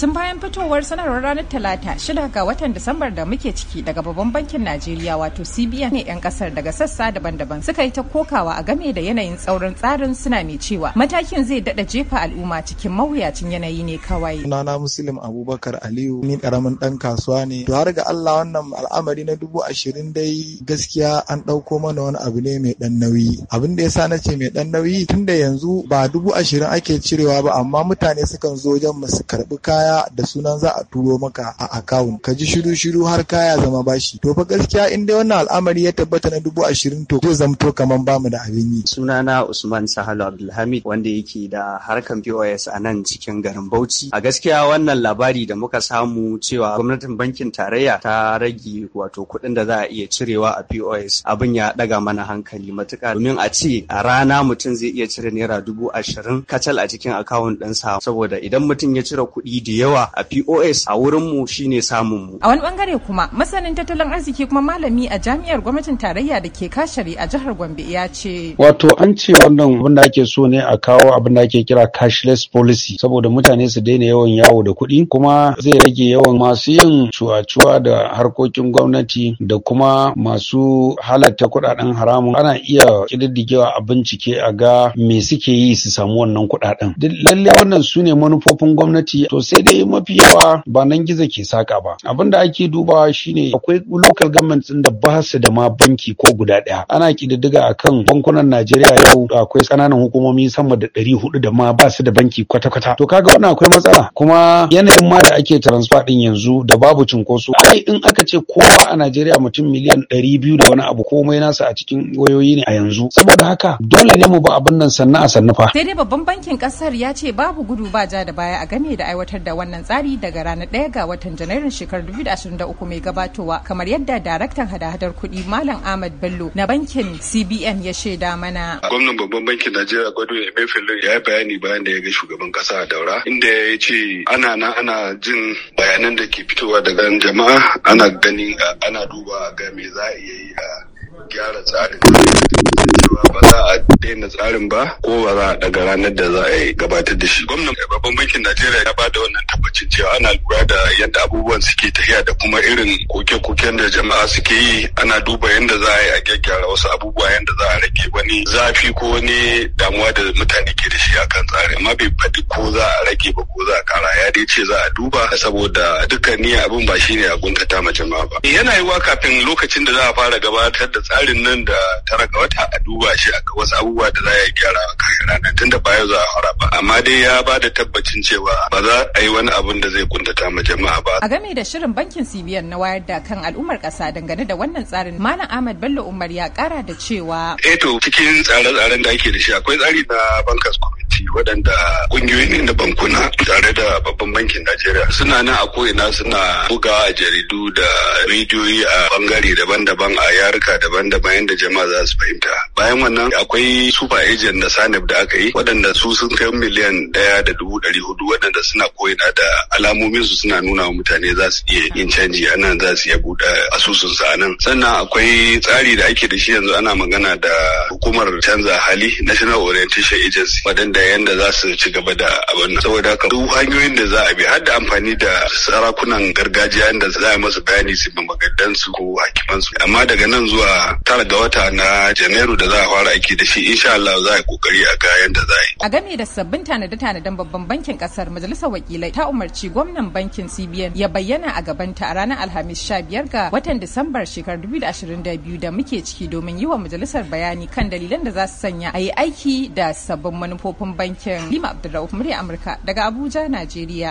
tun bayan fitowar sanarwar ranar talata shida ga watan disambar da muke ciki daga babban bankin najeriya wato cbn ne 'yan kasar daga sassa daban-daban suka yi ta kokawa a game da yanayin tsaurin tsarin suna mai cewa matakin zai dada jefa al'umma cikin mawuyacin yanayi ne kawai sunana muslim abubakar aliyu ni karamin dan kasuwa ne to har ga allah wannan al'amari na dubu ashirin dai gaskiya an ɗauko mana wani abu ne mai dan nauyi abin da yasa na ce mai dan nauyi tunda yanzu ba dubu ashirin ake cirewa ba amma mutane sukan zo wajen mu su karbi kaya kaya da sunan za a turo maka a akawun ka ji shiru shiru har kaya zama bashi to fa gaskiya in dai wannan al'amari ya tabbata na dubu ashirin to zai zamto kaman bamu da abin yi sunana usman sahalu abdulhamid wanda yake da harkan pos a nan cikin garin bauchi a gaskiya wannan labari da muka samu cewa gwamnatin bankin tarayya ta rage wato kuɗin da za a iya cirewa a pos abin ya ɗaga mana hankali matuƙa domin a ce a rana mutum zai iya cire naira dubu ashirin kacal a cikin akawun ɗinsa saboda idan mutum ya cire kuɗi da yawa a POS a wurin mu shine samun mu. A wani bangare kuma masanin tattalin arziki kuma malami a jami'ar gwamnatin tarayya da ke kashari a jihar Gombe ya ce. Wato an ce wannan abin da ake so ne a kawo abin da ake kira cashless policy saboda mutane su daina yawan yawo da kuɗi kuma zai rage yawan masu yin cuwa-cuwa da harkokin gwamnati da kuma masu halatta kuɗaɗen haramun ana iya ƙididdigewa a bincike a ga me suke yi su samu wannan kuɗaɗen. Lallai wannan su ne manufofin gwamnati to sai Eh mafi yawa ba nan gizo ke saka ba abin da ake dubawa shine akwai local government din da ba su da ma banki ko guda ɗaya ana kididdiga akan bankunan Najeriya yau akwai kananan hukumomi sama da ɗari hudu da ma ba su da banki kwata-kwata to kaga wannan akwai matsala kuma yanayin ma da ake transfer din yanzu da babu cinkoso ai in aka ce kowa a Najeriya mutum miliyan ɗari biyu da wani abu komai nasa a cikin wayoyi ne a yanzu saboda haka dole ne mu ba abin nan sannu a sannu fa sai dai babban bankin kasar ya ce babu gudu ba ja da baya a game da aiwatar da wannan tsari daga ranar 1 ga watan Janairun shekarar 2023 mai gabatowa kamar yadda daraktan hada-hadar kuɗi Malam Ahmad Bello na bankin CBN ya shaida mana. Gwamnan babban bankin Najeriya Gwado Emefiele ya yi bayani bayan da ya ga shugaban kasa a daura inda ya ce ana na ana jin bayanan da ke fitowa daga jama'a ana gani ana duba ga me za a iya yi a gyara tsarin ba za a daina tsarin ba ko ba za a daga ranar da za a gabatar da shi. Gwamnan babban bankin Najeriya ya ba da wannan lokacin cewa ana lura da yadda abubuwan suke tafiya da kuma irin koke-koken da jama'a suke yi ana duba yadda za a yi a gyaggyara wasu abubuwa yadda za a rage wani zafi ko wani damuwa da mutane ke da shi a kan tsari amma bai faɗi ko za a rage ba ko za a kara ya dai ce za a duba saboda dukkan niyya abin ba shine a guntata ma jama'a ba yana yiwuwa kafin lokacin da za a fara gabatar da tsarin nan da tara ga wata a duba shi a wasu abubuwa da za a gyara a kan ranar tunda ba yau za a fara ba amma dai ya ba da tabbacin cewa ba za a yi wani abun da zai kuntata ma jama'a ba. ne da shirin bankin cbn na wayar da kan al'ummar ƙasa dangane da wannan tsarin malam ahmad bello umar ya kara da cewa eto eh cikin tsare-tsaren da ake da shi akwai tsari na bankers committee waɗanda kungiyoyi da bankuna tare da babban bankin Najeriya suna nan a ko'ina suna buga a jaridu da rediyoyi a bangare daban-daban a yaruka daban-daban yadda jama'a za su fahimta. Bayan wannan akwai super agent da sanib da aka yi waɗanda su sun kai miliyan ɗaya da dubu ɗari hudu waɗanda suna ko'ina da alamomin su suna nuna wa mutane za su iya yin canji a nan za su iya buɗe asusun su a nan. Sannan akwai tsari da ake da shi yanzu ana magana da hukumar canza hali National Orientation Agency waɗanda yanda za su ci gaba gaba da abin nan saboda haka duk hanyoyin da za a bi har da amfani da sarakunan gargajiya da za a masa bayani su bi magadansu ko hakimansu amma daga nan zuwa tara ga wata na janairu da za a fara aiki da shi insha Allah za a kokari a ga yanda za a yi a game da sabbin tanade-tanaden babban bankin kasar majalisar wakilai ta umarci gwamnan bankin CBN ya bayyana a gabanta a ranar Alhamis 15 ga watan Disambar shekarar 2022 da muke ciki domin yi wa majalisar bayani kan dalilan da za su sanya a yi aiki da sabbin manufofin bankin Lima Abdulrahman da Amurka daga Abuja, Najeriya.